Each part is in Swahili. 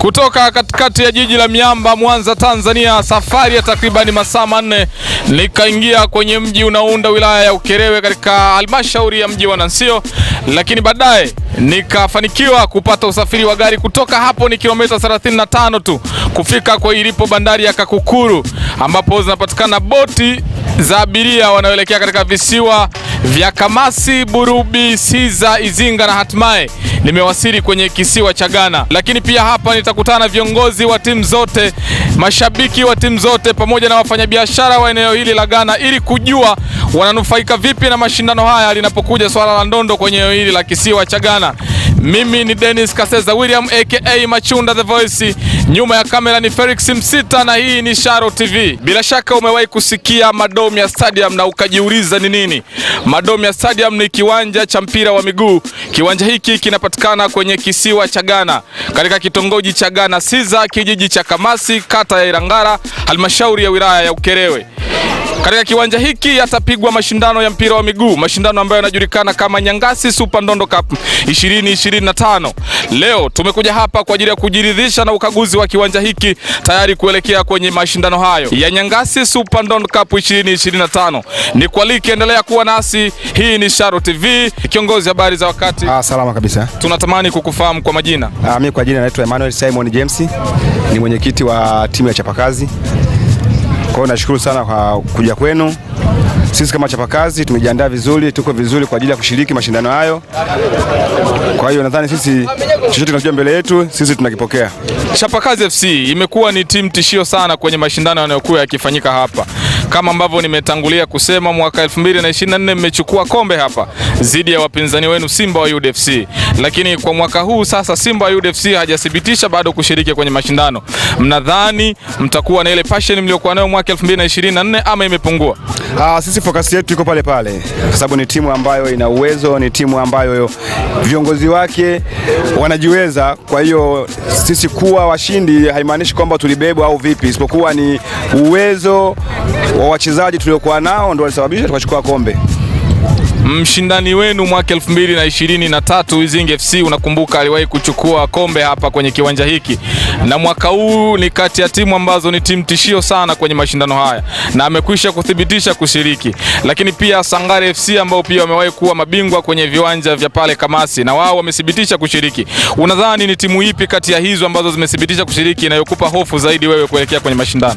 kutoka katikati ya jiji la miamba Mwanza, Tanzania. Safari ya takribani masaa manne nikaingia kwenye mji unaounda wilaya ya Ukerewe katika halmashauri ya mji wa Nansio, lakini baadaye nikafanikiwa kupata usafiri wa gari kutoka hapo, ni kilomita 35 tu kufika kwa ilipo bandari ya Kakukuru ambapo zinapatikana boti za abiria wanaoelekea katika visiwa vya Kamasi, Burubi, Siza, Izinga na hatimaye nimewasili kwenye kisiwa cha Ghana. Lakini pia hapa nitakutana na viongozi wa timu zote, mashabiki wa timu zote, pamoja na wafanyabiashara wa eneo hili la Ghana ili kujua wananufaika vipi na mashindano haya linapokuja swala la ndondo kwenye eneo hili la kisiwa cha Ghana. Mimi ni Dennis Kaseza William aka Machunda the Voice, nyuma ya kamera ni Felix Msita na hii ni Sharo TV. Bila shaka umewahi kusikia madomi ya stadium na ukajiuliza ni nini. Madomi ya stadium ni kiwanja cha mpira wa miguu. Kiwanja hiki kinapatikana kwenye kisiwa cha Ghana katika kitongoji cha Ghana Siza, kijiji cha Kamasi, kata ya Irangara, halmashauri ya wilaya ya Ukerewe. Katika kiwanja hiki yatapigwa mashindano ya mpira wa miguu, mashindano ambayo yanajulikana kama Nyangasi Super Ndondo Cup 2025. Leo tumekuja hapa kwa ajili ya kujiridhisha na ukaguzi wa kiwanja hiki tayari kuelekea kwenye mashindano hayo ya Nyangasi Super Ndondo Cup 2025. Ni kualike, endelea kuwa nasi. Hii ni Sharo TV. Kiongozi, habari za wakati? Ah, salama kabisa. Tunatamani kukufahamu kwa majina. Ah, mimi kwa jina naitwa Emmanuel Simon James, ni mwenyekiti wa timu ya Chapakazi kwa hiyo nashukuru sana kwa kuja kwenu. Sisi kama chapakazi tumejiandaa vizuri, tuko vizuri kwa ajili ya kushiriki mashindano hayo. Kwa hiyo nadhani sisi chochote kinachokuja mbele yetu sisi tunakipokea. Chapakazi FC imekuwa ni timu tishio sana kwenye mashindano yanayokuwa yakifanyika hapa kama ambavyo nimetangulia kusema mwaka 2024 mmechukua kombe hapa dhidi ya wapinzani wenu Simba wa UDFC, lakini kwa mwaka huu sasa Simba wa UDFC hajathibitisha bado kushiriki kwenye mashindano. Mnadhani mtakuwa na ile passion mliokuwa nayo mwaka 2024 ama imepungua? Ah, sisi sisi focus yetu iko pale pale, kwa sababu ni timu ambayo ina uwezo, ni timu ambayo viongozi wake wanajiweza. Kwa hiyo sisi kuwa washindi haimaanishi kwamba tulibebwa au vipi, isipokuwa ni uwezo wa wachezaji tuliokuwa nao ndio walisababisha tukachukua kombe. Mshindani wenu mwaka na tatu Wizingi FC, unakumbuka aliwahi kuchukua kombe hapa kwenye kiwanja hiki, na mwaka huu ni kati ya timu ambazo ni timu tishio sana kwenye mashindano haya na amekwisha kuthibitisha kushiriki, lakini pia Sangare FC ambao pia wamewahi kuwa mabingwa kwenye viwanja vya pale Kamasi na wao wamethibitisha kushiriki. Unadhani ni timu ipi kati ya hizo ambazo zimethibitisha kushiriki inayokupa hofu zaidi wewe kuelekea kwenye mashindano?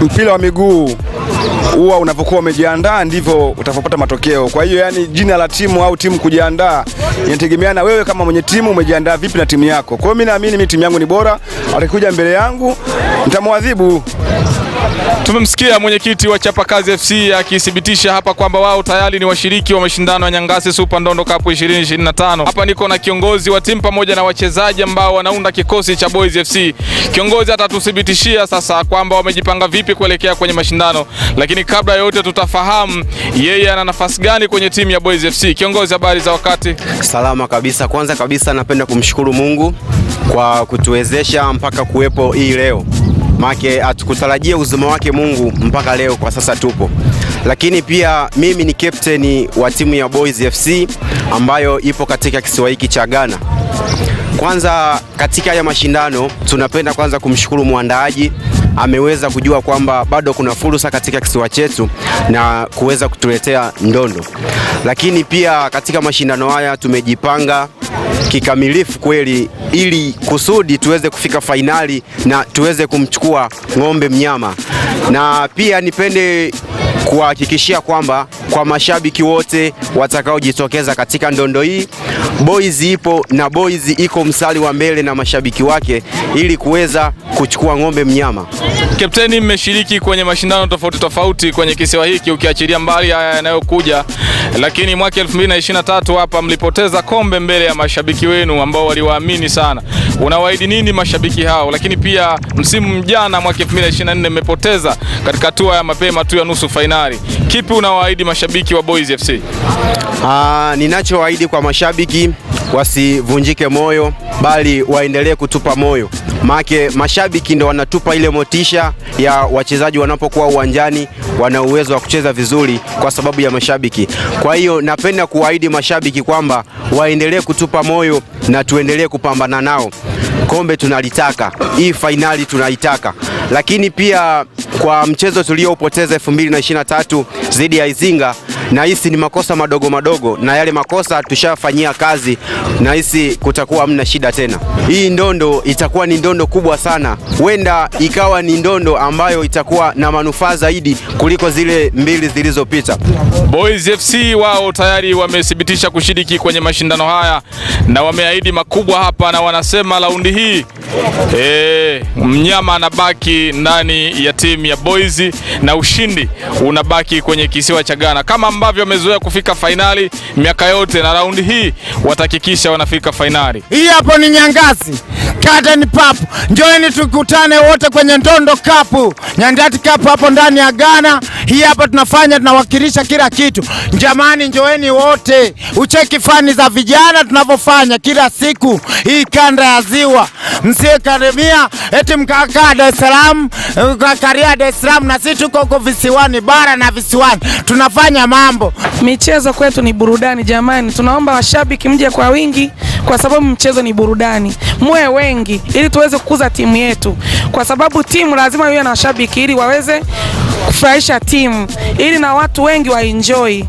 Mpira wa miguu huwa unavyokuwa umejiandaa ndivyo utakavyopata matokeo. Kwa hiyo yani, jina la timu au timu kujiandaa inategemeana wewe kama mwenye timu umejiandaa vipi na timu yako. Kwa hiyo mimi naamini mimi timu yangu ni bora, atakuja mbele yangu nitamwadhibu. Tumemsikia mwenyekiti wa Chapakazi FC akithibitisha hapa kwamba wao tayari ni washiriki wa mashindano ya Nyangasi Super Ndondo Cup 2025. Hapa niko na kiongozi wa timu pamoja na wachezaji ambao wanaunda kikosi cha Boys FC. Kiongozi atatuthibitishia sasa kwamba wamejipanga vipi kuelekea kwenye mashindano, lakini kabla yote tutafahamu yeye ana nafasi gani kwenye timu ya Boys FC. Kiongozi, habari za wakati? Salama kabisa. Kwanza kabisa napenda kumshukuru Mungu kwa kutuwezesha mpaka kuwepo hii leo make hatukutarajia uzima wake Mungu mpaka leo kwa sasa tupo. Lakini pia mimi ni captain wa timu ya Boys FC ambayo ipo katika kisiwa hiki cha Ghana. Kwanza katika haya mashindano tunapenda kwanza kumshukuru mwandaaji ameweza kujua kwamba bado kuna fursa katika kisiwa chetu na kuweza kutuletea ndondo. Lakini pia katika mashindano haya tumejipanga kikamilifu kweli, ili kusudi tuweze kufika fainali na tuweze kumchukua ng'ombe mnyama, na pia nipende kuwahakikishia kwamba kwa mashabiki wote watakaojitokeza katika ndondo hii, Boys ipo na Boys iko msali wa mbele na mashabiki wake ili kuweza kuchukua ng'ombe mnyama. Kapteni, mmeshiriki kwenye mashindano tofauti tofauti kwenye kisiwa hiki ukiachilia mbali haya yanayokuja, lakini mwaka 2023 hapa mlipoteza kombe mbele ya mashabiki wenu ambao waliwaamini sana. Unawaahidi nini mashabiki hao? Lakini pia msimu mjana mwaka 2024 mmepoteza katika hatua ya mapema tu ya nusu fainali. Kipi unawaahidi mashabiki wa Boys FC? Ah, ninachoahidi kwa mashabiki wasivunjike moyo, bali waendelee kutupa moyo, make mashabiki ndo wanatupa ile motisha ya wachezaji wanapokuwa uwanjani, wana uwezo wa kucheza vizuri kwa sababu ya mashabiki. Kwa hiyo napenda kuwaahidi mashabiki kwamba waendelee kutupa moyo na tuendelee kupambana nao. Kombe tunalitaka, hii fainali tunaitaka, lakini pia kwa mchezo tuliopoteza 2023 zidi ya Izinga, na hisi ni makosa madogo madogo, na yale makosa tushafanyia kazi, na hisi kutakuwa hamna shida tena. Hii ndondo itakuwa ni ndondo kubwa sana, huenda ikawa ni ndondo ambayo itakuwa na manufaa zaidi kuliko zile mbili zilizopita. Boys FC wao tayari wamethibitisha kushiriki kwenye mashindano haya na wameahidi makubwa hapa, na wanasema raundi hii e, mnyama anabaki ndani ya timu timu ya Boys na ushindi unabaki kwenye kisiwa cha Ghana, kama ambavyo wamezoea kufika fainali miaka yote, na raundi hii watahakikisha wanafika fainali. Hii hapo ni Nyangazi Garden Pub, njoeni tukutane wote kwenye Ndondo Cup, Nyandati Cup hapo ndani ya Ghana. Hii hapa tunafanya tunawakilisha kila kitu jamani, njoeni wote, ucheki fani za vijana tunavyofanya kila siku hii kanda ya Ziwa. Msie karibia eti mkakaa Dar es Salaam karia ya Dar es Salaam na sisi tuko huko visiwani bara na visiwani tunafanya mambo. Michezo kwetu ni burudani jamani, tunaomba washabiki mje kwa wingi, kwa sababu mchezo ni burudani, muwe wengi ili tuweze kukuza timu yetu, kwa sababu timu lazima iwe na washabiki ili waweze kufurahisha timu, ili na watu wengi waenjoy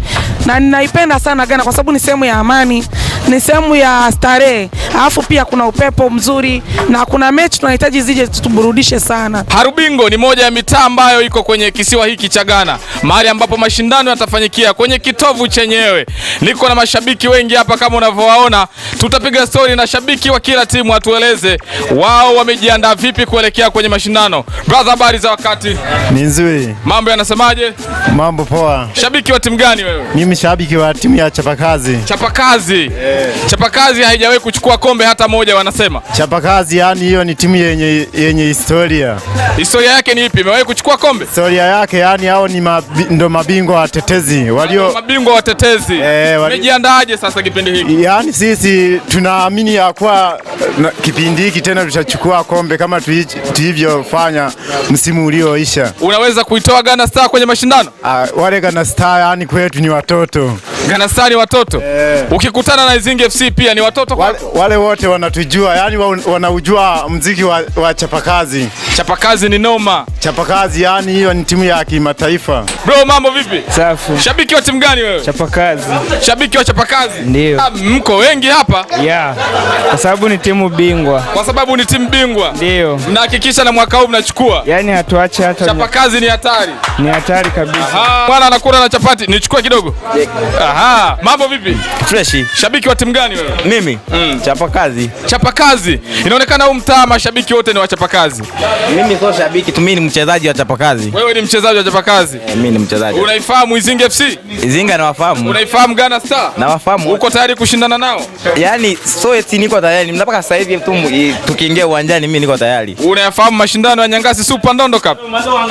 na ninaipenda sana Ghana kwa sababu ni sehemu ya amani, ni sehemu ya starehe, alafu pia kuna upepo mzuri na kuna mechi tunahitaji zije tuburudishe sana. Harubingo ni moja ya mitaa ambayo iko kwenye kisiwa hiki cha Ghana, mahali ambapo mashindano yatafanyikia kwenye kitovu chenyewe. Niko na mashabiki wengi hapa kama unavyowaona, tutapiga stori na shabiki wa kila timu atueleze wao wamejiandaa vipi kuelekea kwenye mashindano. Brother, habari za wakati? Ni nzuri. Mambo yanasemaje? Mambo poa. Shabiki wa timu gani wewe? Mimi mimi shabiki wa timu ya Chapakazi. Chapakazi. Yeah. Chapakazi haijawahi kuchukua kombe hata moja wanasema. Chapakazi yani hiyo ni timu yenye yenye historia. Historia yake ni ipi? Imewahi kuchukua kombe? Historia yake yani hao ni mabi, ndo mabingwa watetezi. Walio mabingwa watetezi. Eh, wali... Umejiandaaje sasa kipindi hiki? Yani sisi tunaamini ya kuwa kipindi hiki tena tutachukua kombe kama tulivyofanya msimu ulioisha. Unaweza kuitoa Ghana Star kwenye mashindano? Ah, wale Ghana Star yani kwetu ni watoto watoto. Ganastar ni watoto yeah. Ukikutana na Izinga FC pia ni watoto wale, wale wote wanatujua yani wa, wanaujua mziki wa, wa chapakazi. Chapakazi ni noma. Chapakazi yani hiyo ni timu ya kimataifa. Bro, mambo vipi? Safi. Shabiki wa timu gani wewe? Chapakazi. Shabiki wa Chapakazi? Ndio. Ah, mko wengi hapa? Yeah. Kwa sababu ni timu bingwa. Kwa sababu ni timu bingwa. Ndio. Mnahakikisha na mwaka huu mnachukua? Yani hatuache hata. Chapakazi ni hatari. Ni hatari kabisa. Bwana anakula na chapati. Nichukue kidogo. Aha, mambo vipi? Freshi. Shabiki wa timu gani wewe? Mimi mm. Chapa kazi. Chapa kazi. Inaonekana huu mtaa mashabiki wote ni wa chapa kazi. Mimi sio shabiki tu, mimi ni mchezaji wa chapa kazi. Wewe ni mchezaji wa chapa kazi? Eh, mimi ni mchezaji. Unaifahamu Izinga FC? Izinga nawafahamu. Unaifahamu Ghana Star? Nawafahamu. Uko tayari kushindana nao? Yaani so eti niko tayari. Mpaka sasa hivi tu tukiingia uwanjani mimi niko tayari. Unayafahamu mashindano ya Nyangasi Super Ndondo Cup?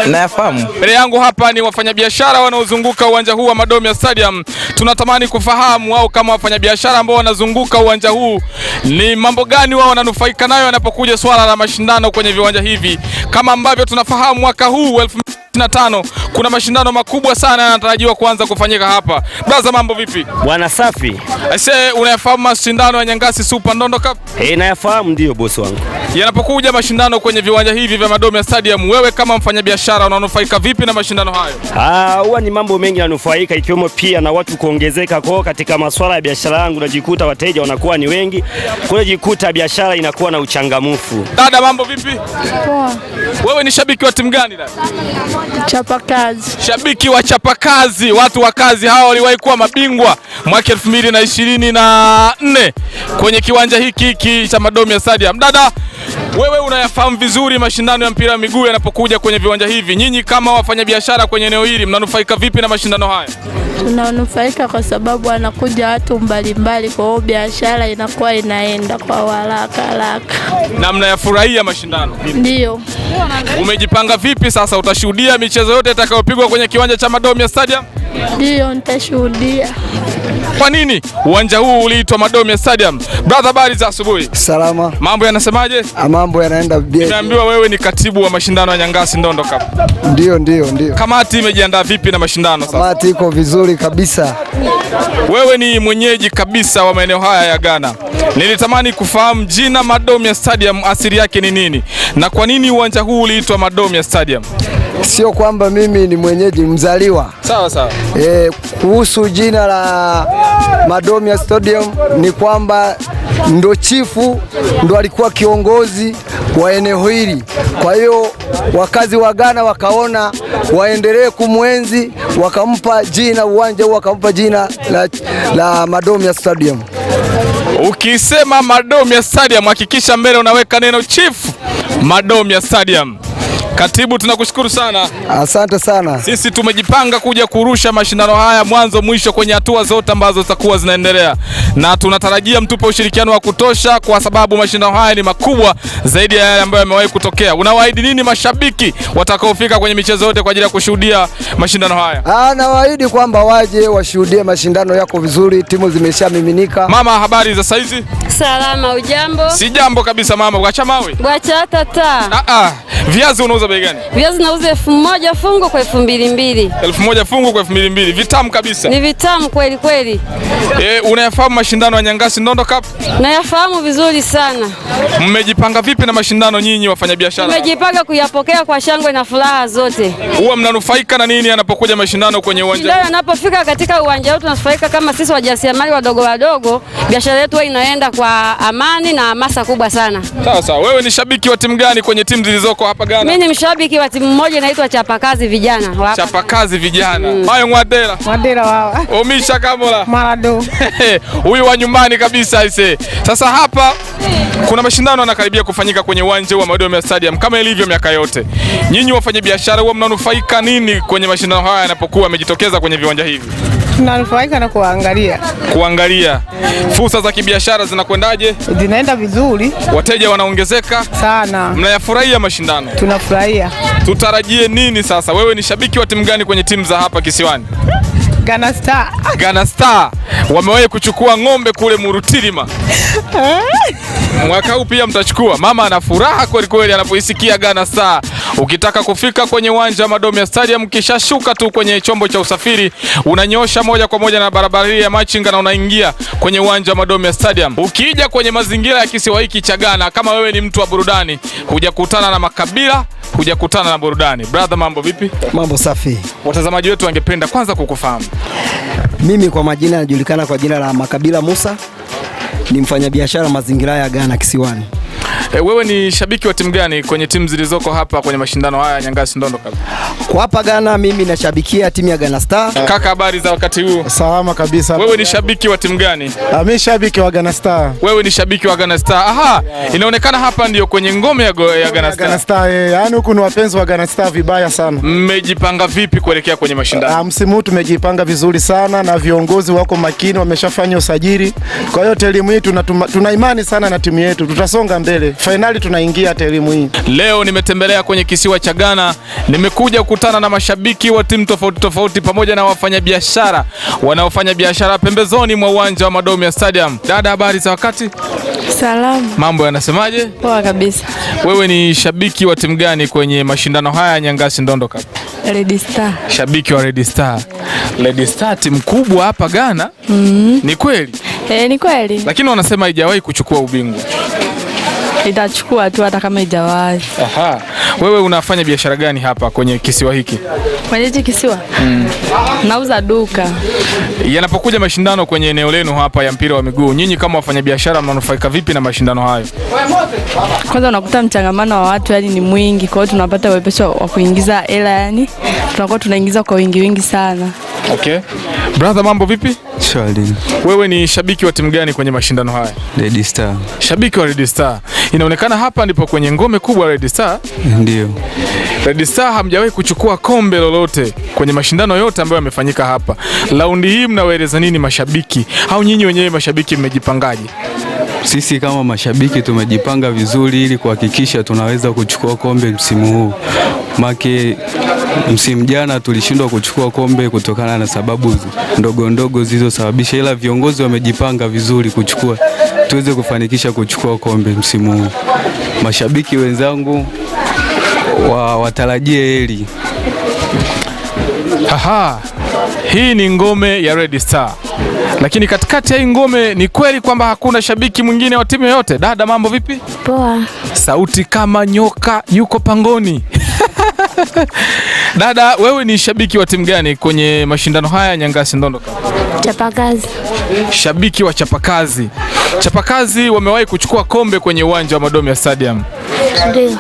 Nayafahamu. Mbele yangu hapa ni wafanyabiashara wanaozunguka uwanja huu wa Madomi ya Stadium Salaam. Tunatamani kufahamu wao kama wafanyabiashara ambao wanazunguka uwanja huu, ni mambo gani wao wananufaika nayo wanapokuja swala la mashindano kwenye viwanja hivi, kama ambavyo tunafahamu mwaka huu elfu tano kuna mashindano makubwa sana yanatarajiwa kuanza kufanyika hapa. Braza, mambo vipi? Bwana safi. Aise, unayafahamu mashindano ya Nyangasi Super Ndondo Cup? Eh, nayafahamu ndio bosi wangu. Yanapokuja mashindano kwenye viwanja hivi vya Madomi ya Stadium, wewe kama mfanyabiashara unanufaika vipi na mashindano hayo? Ah, huwa ni mambo mengi yanufaika, ikiwemo pia na watu kuongezeka kwao katika masuala ya biashara yangu, najikuta wateja wanakuwa ni wengi, kwa hiyo jikuta biashara inakuwa na uchangamfu. Dada, mambo vipi? Poa. Wewe ni shabiki wa timu gani dada? Chapakazi. Shabiki wa chapakazi, watu wa kazi hawa waliwahi kuwa mabingwa mwaka 2024 kwenye kiwanja hiki hiki cha Madomi ya Stadium. Dada wewe unayafahamu vizuri mashindano ya mpira wa miguu yanapokuja kwenye viwanja hivi, nyinyi kama wafanyabiashara kwenye eneo hili mnanufaika vipi na mashindano haya? Tunanufaika kwa sababu anakuja watu mbalimbali, kwa hiyo biashara inakuwa inaenda kwa haraka haraka. Na mnayafurahia mashindano? ndio Umejipanga vipi sasa, utashuhudia michezo yote itakayopigwa kwenye kiwanja cha Madomia Stadium? Ndiyo, nitashuhudia. Kwa nini uwanja huu uliitwa Madomi Stadium? Brother, habari za asubuhi. Salama. Mambo yanasemaje? Ah, mambo yanaenda bien. Nimeambiwa wewe ni katibu wa mashindano ya Nyangasi Ndondo Cup. Ndio, ndio, ndio. Kamati imejiandaa vipi na mashindano sasa? Kamati iko vizuri kabisa. Wewe ni mwenyeji kabisa wa maeneo haya ya Ghana. Nilitamani kufahamu jina Madomi Stadium asili yake ni nini na kwa nini uwanja huu uliitwa Madomi Stadium? sio kwamba mimi ni mwenyeji mzaliwa. Sawa sawa. E, kuhusu jina la Madomia Stadium ni kwamba ndo chifu ndo alikuwa kiongozi wa eneo hili. Kwa hiyo wakazi wa Ghana wakaona waendelee kumwenzi, wakampa jina uwanja huu, wakampa jina la, la Madomia Stadium. Ukisema Madomia Stadium hakikisha mbele unaweka neno chifu Madomia Stadium. Katibu, tunakushukuru sana, asante sana. Sisi tumejipanga kuja kurusha mashindano haya mwanzo mwisho, kwenye hatua zote ambazo zitakuwa zinaendelea, na tunatarajia mtupe ushirikiano wa kutosha, kwa sababu mashindano haya ni makubwa zaidi ya yale ambayo yamewahi kutokea. Unawaahidi nini mashabiki watakaofika kwenye michezo yote kwa ajili ya kushuhudia mashindano haya? Ah, nawaahidi kwamba waje washuhudie mashindano, yako vizuri, timu zimeshamiminika. Mama, habari za saizi? Salama, ujambo? Si jambo kabisa mama, wacha mawe. Bwacha tata. Ah ah. Viazi unauza bei gani? Viazi nauza elfu moja fungu kwa elfu mbili mbili. Elfu moja fungu kwa elfu mbili mbili. Vitamu kabisa. Ni vitamu kweli kweli. Eh, unayafahamu mashindano ya Nyangasi Ndondo Cup? Nayafahamu vizuri sana. Mmejipanga vipi na mashindano nyinyi wafanyabiashara? Mmejipanga kuyapokea kwa shangwe na furaha zote. Huwa mnanufaika na nini anapokuja mashindano kwenye uwanja? Ndio anapofika katika uwanja wetu tunafaika kama sisi wajasiriamali wadogo wadogo, biashara yetu inaenda kwa kwa amani na hamasa kubwa sana. Sawa sawa. Wewe ni shabiki wa timu gani kwenye timu zilizoko hapa Ghana? Mimi ni mshabiki wa timu moja inaitwa Chapakazi Vijana. Chapakazi Vijana. Mm. Mayo Ngwadera. Ngwadera wao. Omisha Kamola. Marado. Huyu wa nyumbani kabisa ise. Sasa hapa kuna mashindano yanakaribia kufanyika kwenye uwanja wa Dodoma Stadium kama ilivyo miaka yote. Nyinyi wafanyabiashara huwa mnanufaika nini kwenye mashindano haya yanapokuwa yamejitokeza kwenye viwanja hivi? tunanufaika na kuangalia kuangalia. Fursa za kibiashara zinakwendaje? Zinaenda vizuri, wateja wanaongezeka sana. Mnayafurahia mashindano? Tunafurahia. Tutarajie nini sasa? Wewe ni shabiki wa timu gani kwenye timu za hapa kisiwani? Ghana Star. Ghana Star wamewahi kuchukua ng'ombe kule Murutilima eh? mwaka huu pia mtachukua. Mama ana furaha kweli kweli anapoisikia Ghana Star. Ukitaka kufika kwenye uwanja wa Madomia Stadium, kishashuka tu kwenye chombo cha usafiri, unanyosha moja kwa moja na barabara ya Machinga na unaingia kwenye uwanja wa Madomia Stadium. Ukija kwenye mazingira ya kisiwa hiki cha Ghana, kama wewe ni mtu wa burudani, hujakutana na makabila hujakutana na burudani. Brother, mambo vipi? Mambo safi. Watazamaji wetu wangependa kwanza kukufahamu. Mimi kwa majina najulikana kwa jina la Makabila Musa, ni mfanyabiashara mazingira ya Ghana kisiwani. E, wewe ni shabiki wa timu gani kwenye timu zilizoko hapa kwenye mashindano haya Nyangasi Ndondo Cup? Kwa hapa Ghana mimi nashabikia timu ya Ghana Star. Eh, kaka, habari za wakati huu? Salama kabisa. Wewe ni shabiki wa timu gani? Ah, mimi shabiki wa Ghana Star. Wewe ni shabiki wa Ghana Star. Aha, yeah. Inaonekana hapa ndio kwenye ngome ya, ya Ghana Star. Ghana Star, eh, yani huku ni wapenzi wa Ghana Star vibaya sana. Mmejipanga vipi kuelekea kwenye mashindano? Ah, msimu huu tumejipanga vizuri sana na viongozi wako makini wameshafanya usajili. Kwa hiyo timu hii tuna imani sana na timu yetu. Tutasonga mbele fainali tunaingia hata elimu hii. Leo nimetembelea kwenye kisiwa cha Ghana, nimekuja kukutana na mashabiki wa timu tofauti tofauti pamoja na wafanyabiashara wanaofanya biashara pembezoni mwa uwanja wa Madomia Stadium. Dada, habari za wakati? Salamu. Mambo yanasemaje? Poa kabisa. Wewe ni shabiki wa timu gani kwenye mashindano haya Nyangasi Ndondo Cup? Red Star. Shabiki wa Red Star. Red Star timu kubwa hapa Ghana. Mm -hmm. Ni kweli? Eh, ni kweli. Lakini wanasema haijawahi kuchukua ubingwa. Itachukua tu hata kama ijawahi. Aha. Wewe unafanya biashara gani hapa kwenye kisiwa hiki? Kwenye hiki kisiwa? Mm. Nauza duka. Yanapokuja mashindano kwenye eneo lenu hapa ya mpira wa miguu, nyinyi kama wafanyabiashara mnanufaika vipi na mashindano hayo? Kwanza unakuta mchangamano wa watu yani ni mwingi, kwa hiyo tunapata wepesi wa kuingiza hela yani tunakuwa tunaingiza kwa wingi wingi sana. Okay. Brother, mambo vipi? Shwari. Wewe ni shabiki wa timu gani kwenye mashindano haya? Red Star. Shabiki wa Red Star. Inaonekana hapa ndipo kwenye ngome kubwa Red Star. Ndio. Red Star hamjawahi kuchukua kombe lolote kwenye mashindano yote ambayo yamefanyika hapa. Laundi hii mnaweleza nini mashabiki au nyinyi wenyewe mashabiki mmejipangaje? Sisi kama mashabiki tumejipanga vizuri ili kuhakikisha tunaweza kuchukua kombe msimu huu. Make msimu jana tulishindwa kuchukua kombe kutokana na sababu ndogo ndogo zilizosababisha, ila viongozi wamejipanga vizuri kuchukua, tuweze kufanikisha kuchukua kombe msimu huu. Mashabiki wenzangu wa, watarajie heri. Aha, hii ni ngome ya Red Star. Lakini katikati ya hii ngome, ni kweli kwamba hakuna shabiki mwingine wa timu yoyote? Dada, mambo vipi? Poa. Sauti kama nyoka yuko pangoni. Dada, wewe ni shabiki wa timu gani kwenye mashindano haya Nyangasi Ndondo Chapakazi. Shabiki wa Chapakazi. Chapakazi wamewahi kuchukua kombe kwenye uwanja wa Madomi ya Stadium. Ndio.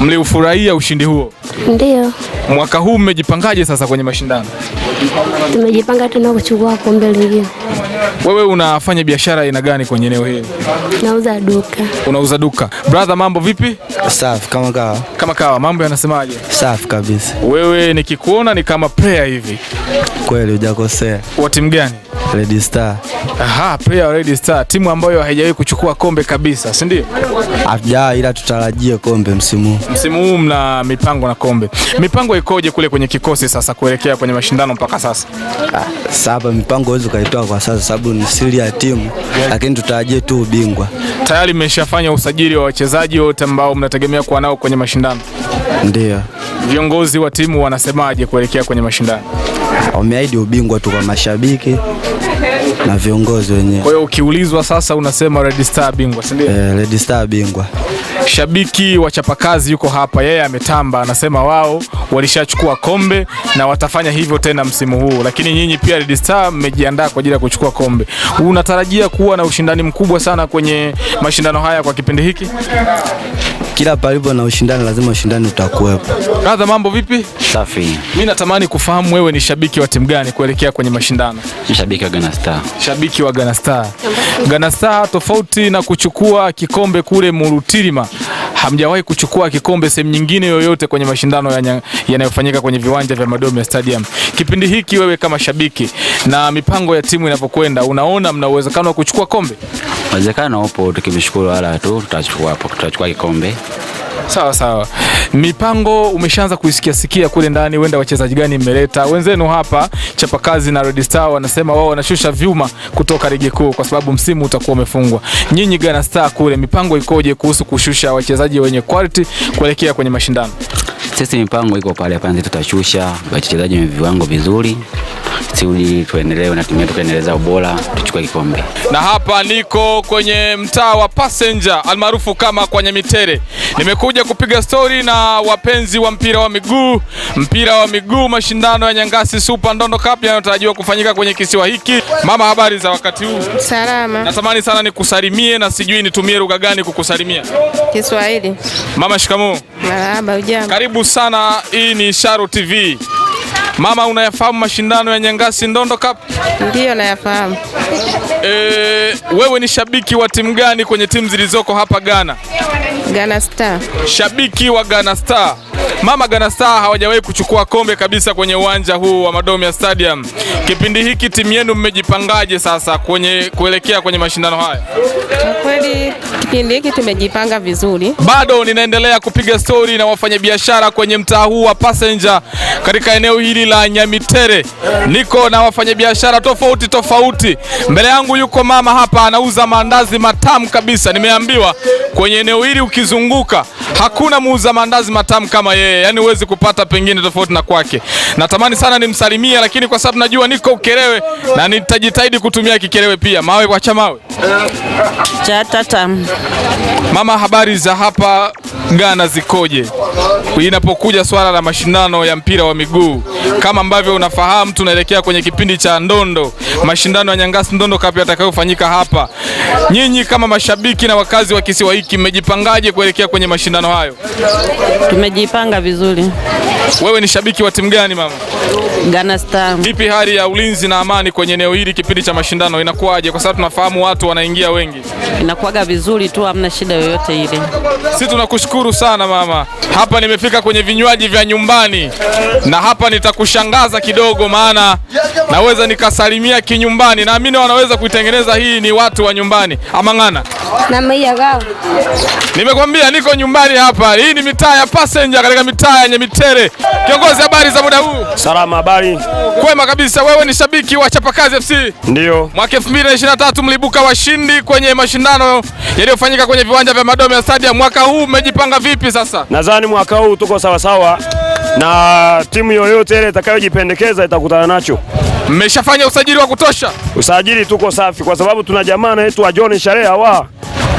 Mliufurahia ushindi huo? Ndio. Mwaka huu mmejipangaje sasa kwenye mashindano? tumejipanga tena kuchukua kombe lingine. Wewe unafanya biashara aina gani kwenye eneo hili? Nauza duka. Unauza duka. Brother, mambo vipi? Safi kama kawa. Kama kawa, mambo yanasemaje? Safi kabisa. Wewe nikikuona ni kama player hivi. Kweli hujakosea. Wa timu gani? Red Star. Aha, pia Red Star, timu ambayo haijawahi kuchukua kombe kabisa, si ndio? Hatuja, ila tutarajie kombe msimu huu. Msimu huu mna mipango na kombe. Mipango ikoje kule kwenye kikosi sasa kuelekea kwenye mashindano mpaka sasa? Ah, saba mipango huwezi kaitoa kwa sasa sababu ni siri ya timu, lakini tutarajie tu ubingwa. Tayari mmeshafanya usajili wa wachezaji wote ambao mnategemea kuwa nao kwenye mashindano? Ndio. Viongozi wa timu wanasemaje kuelekea kwenye mashindano? Wameahidi ubingwa tu kwa mashabiki na viongozi wenyewe. Kwa hiyo ukiulizwa sasa unasema Red Star bingwa, si ndio? Eh, Red Star bingwa. Shabiki wa chapakazi yuko hapa, yeye ametamba, anasema wao walishachukua kombe na watafanya hivyo tena msimu huu, lakini nyinyi pia Red Star mmejiandaa kwa ajili ya kuchukua kombe. Unatarajia kuwa na ushindani mkubwa sana kwenye mashindano haya kwa kipindi hiki? Kila palipo na ushindani lazima ushindani utakuwepo. Kadha, mambo vipi? Safi. Mimi natamani kufahamu wewe ni shabiki wa timu gani kuelekea kwenye mashindano? Shabiki wa Ghana Star. Shabiki wa Ghana Star. Ghana Star tofauti na kuchukua kikombe kule Murutirima hamjawahi kuchukua kikombe sehemu nyingine yoyote kwenye mashindano yanayofanyika kwenye viwanja vya Dodoma Stadium. Kipindi hiki wewe kama shabiki na mipango ya timu inapokwenda, unaona mna uwezekano wa kuchukua kombe? Uwezekano upo, tukimshukuru wala tu tutachukua hapo, tutachukua kikombe Sawa sawa, mipango umeshaanza kuisikia sikia kule ndani, wenda wachezaji gani mmeleta? Wenzenu hapa Chapakazi na Red Star wanasema wao wanashusha vyuma kutoka ligi kuu kwa sababu msimu utakuwa umefungwa. Nyinyi Ghana Star kule, mipango ikoje kuhusu kushusha wachezaji wenye quality kuelekea kwenye mashindano? Sisi mipango iko pale pale, tutashusha wachezaji wenye viwango vizuri ili tuendelee na timu yetu kuendeleza ubora, tuchukue kikombe. Na hapa niko kwenye mtaa wa Passenger almaarufu kama kwenye mitere Nimeku kuja kupiga stori na wapenzi wa mpira wa miguu. Mpira wa miguu, mashindano ya Nyangasi Super Ndondo Cup yanayotarajiwa kufanyika kwenye kisiwa hiki. Mama, habari za wakati huu? Salama. Natamani sana nikusalimie na sijui nitumie lugha gani kukusalimia. Kiswahili. Mama, shikamoo. Marahaba, hujambo? Karibu sana, hii ni Sharo TV. Mama, unayafahamu mashindano ya Nyangasi Ndondo Cup? Ndiyo, nayafahamu. E, wewe ni shabiki wa timu gani kwenye timu zilizoko hapa Ghana? Ghana Star. Shabiki wa Ghana Star. Mama, Ghana Star hawajawahi kuchukua kombe kabisa kwenye uwanja huu wa Madomia Stadium. Kipindi hiki timu yenu mmejipangaje sasa kwenye kuelekea kwenye mashindano haya? kweli kipindi hiki tumejipanga vizuri. Bado ninaendelea kupiga stori na wafanyabiashara kwenye mtaa huu wa Passenger katika eneo hili la Nyamitere. Niko na wafanyabiashara tofauti tofauti. Mbele yangu yuko mama hapa anauza mandazi matamu kabisa. Nimeambiwa kwenye eneo hili ukizunguka hakuna muuza mandazi matamu kama yeye, yaani huwezi kupata pengine tofauti na kwake. Natamani sana nimsalimie, lakini kwa sababu najua niko Ukerewe na nitajitahidi kutumia Kikerewe pia. Mawe kwa chamawe. Chat Tata. Mama, habari za hapa Ghana zikoje inapokuja swala la mashindano ya mpira wa miguu. Kama ambavyo unafahamu, tunaelekea kwenye kipindi cha ndondo, mashindano ya Nyangasi Ndondo Cup yatakayofanyika hapa. Nyinyi kama mashabiki na wakazi wa kisiwa hiki mmejipangaje kuelekea kwenye mashindano hayo? Tumejipanga vizuri. Wewe ni shabiki wa timu gani mama? Ghana Star. Vipi hali ya ulinzi na amani kwenye eneo hili kipindi cha mashindano inakuwaje? Kwa sababu tunafahamu watu wanaingia wengi. Inakuwaga vizuri tu, hamna shida yoyote ile. Sisi tunaku Ninakushukuru sana mama. Hapa nimefika kwenye vinywaji vya nyumbani, na hapa nitakushangaza kidogo, maana naweza nikasalimia kinyumbani. Naamini wanaweza kuitengeneza hii, ni watu wa nyumbani. Amang'ana nimekwambia, niko nyumbani hapa. Hii ni mitaa ya Passenger katika mitaa yenye mitere. Kiongozi habari za muda huu? Salama, habari kwema kabisa. Wewe ni shabiki wa Chapakazi FC? Ndio. Mwaka 2023 mlibuka washindi kwenye mashindano yaliyofanyika kwenye viwanja vya Madome ya Stadium. Mwaka huu mmejipanga vipi sasa? Nadhani mwaka huu tuko sawasawa na timu yoyote ile itakayojipendekeza itakutana nacho. Mmeshafanya usajili wa kutosha? Usajili tuko safi, kwa sababu tuna jamaa wetu wa John Sharea wa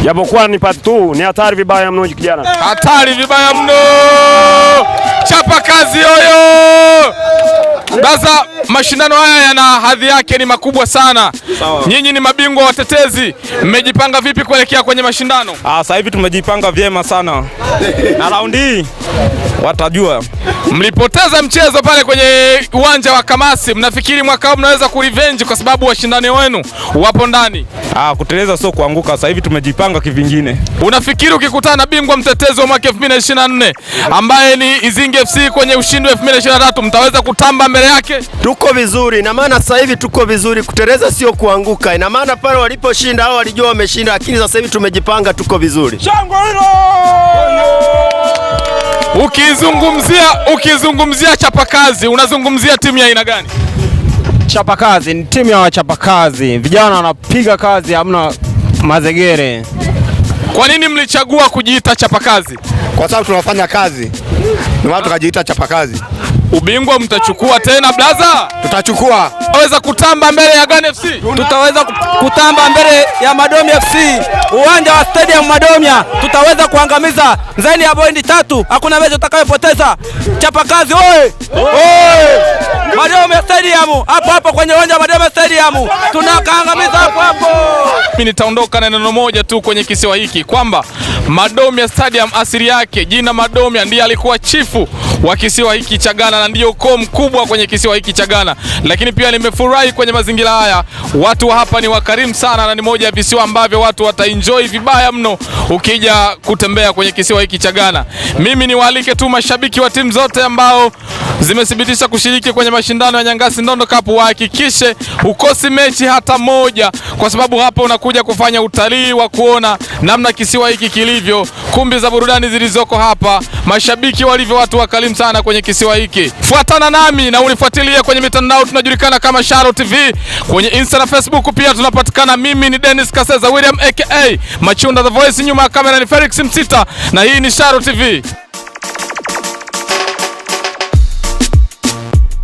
japokuwa ni part 2 ni hatari vibaya mno, kijana hatari vibaya mno. Chapa kazi oyo! Sasa mashindano haya yana hadhi yake, ni makubwa sana. Nyinyi ni mabingwa watetezi, mmejipanga vipi kuelekea kwenye mashindano? Ah, sasa hivi tumejipanga vyema sana na raundi hii watajua. Mlipoteza mchezo pale kwenye uwanja wa Kamasi, mnafikiri mwaka huu mnaweza kurevenge kwa sababu washindani wenu wapo ndani? Ah, kuteleza sio kuanguka. Sasa hivi tumejipanga kivingine. Unafikiri ukikutana na bingwa mtetezi wa mwaka 2024 ambaye ni izingi Young FC kwenye ushindi wa 2023 mtaweza kutamba mbele yake? Tuko vizuri, ina maana sasa hivi tuko vizuri, kuteleza sio kuanguka. Ina maana pale waliposhinda hao walijua wameshinda, lakini sasa hivi tumejipanga, tuko vizuri. Shangwe hilo! Ukizungumzia ukizungumzia chapakazi unazungumzia timu ya aina gani? Chapakazi ni timu ya wachapakazi, vijana wanapiga kazi, hamna mazegere. Kwa nini mlichagua kujiita chapakazi? Kwa sababu tunafanya kazi ndio maana tukajiita chapakazi. Ubingwa mtachukua tena blaza? Tutachukua. Tutaweza kutamba mbele ya Gani FC? Tutaweza kutamba mbele ya Madomi FC. Uwanja wa Stadium Madomia tutaweza kuangamiza zaini ya boindi tatu. Hakuna mechi utakayopoteza. Chapa kazi oye. Oye. Madomia Stadium hapo hapo kwenye uwanja wa Madomia Stadium tunakaangamiza hapo hapo. Mimi nitaondoka na neno moja tu kwenye kisiwa hiki kwamba Madomia Stadium asili yake jina Madomia ndiye alikuwa chifu wa kisiwa hiki cha Ghana na ndio ukoo mkubwa kwenye kisiwa hiki cha Ghana. Lakini pia nimefurahi kwenye mazingira haya, watu wa hapa ni wakarimu sana, na ni moja ya visiwa ambavyo watu wataenjoy vibaya mno ukija kutembea kwenye kisiwa hiki cha Ghana. Mimi niwaalike tu mashabiki wa timu zote ambao zimethibitisha kushiriki kwenye mashindano ya Nyangasi Ndondo Cup wahakikishe ukosi mechi hata moja, kwa sababu hapa unakuja kufanya utalii wa kuona namna kisiwa hiki kilivyo, kumbi za burudani zilizoko hapa, mashabiki walivyo watu wakali muhimu sana kwenye kisiwa hiki. Fuatana nami na unifuatilia kwenye mitandao, tunajulikana kama Sharo TV kwenye Insta na Facebook pia tunapatikana. Mimi ni Dennis Kaseza William aka Machunda the Voice, nyuma ya kamera ni Felix Msita na hii ni Sharo TV.